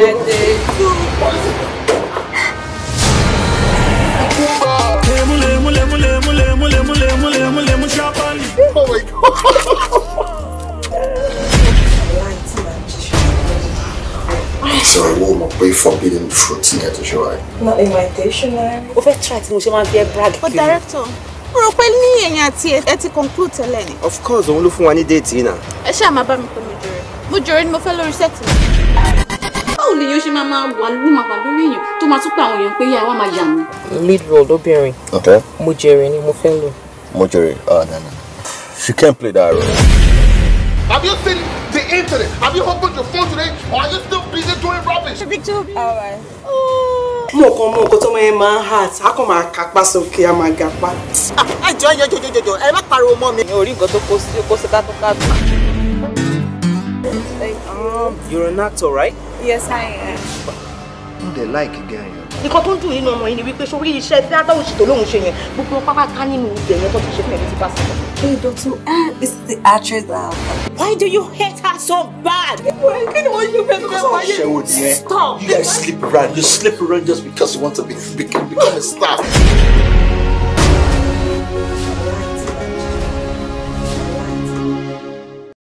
birthday Oh my god. Sorry, what am I pay forbidden fruit in your dictionary? Not in my dictionary. Ó fẹ́ try tí mo ṣe máa fi brag. But director, mo rò pé ní ẹ̀yìn àti ẹ ti conclude Of course, òun ló for wa date, Tina. yìí náà. Ẹ ṣáà máa bá mi pè mí jọrẹ. Mo jọrẹ ni mo lèèyàn ṣe máa wà lórí màmá lórí èèyàn tó máa tún pa àwọn èèyàn pé yá wa máa yà mí. lead role lóbìnrin mo jèrè ni mo fẹ́ lò. mo jèrè ah no she can't play that role. Have you seen the internet? Have you opened your phone today? Or are you still busy doing rubbish? Oh. Mo kan mo nǹkan tó máa ń máa ń heart, a kàn máa kápá sókè, a máa gapá. Àjọ ẹjọ́ jọjọ jọjọ, ẹ má pariwo mọ́ mi. Mi ò rí nǹkan tó kó sí kó sí kátó kátó. Um, you're an actor, right? Yes, I am. Who they like again, yẹn. Nǹkan tó ń dùn nínú ọmọ yìí ni wípé sórí iṣẹ́ tíátà òṣì tó lóun ṣe yẹn gbogbo pápá ká nínú ibẹ̀ yẹn tó ti ṣe fún ẹ̀mí ti bá sọ̀rọ̀. Hey, Dr. Eh, this is the actress now. Why do you hate her so bad? Kí ni wọ́n yóò fẹ́ Stop! You guys sleep around, you sleep around just because you want to be, become, become a star.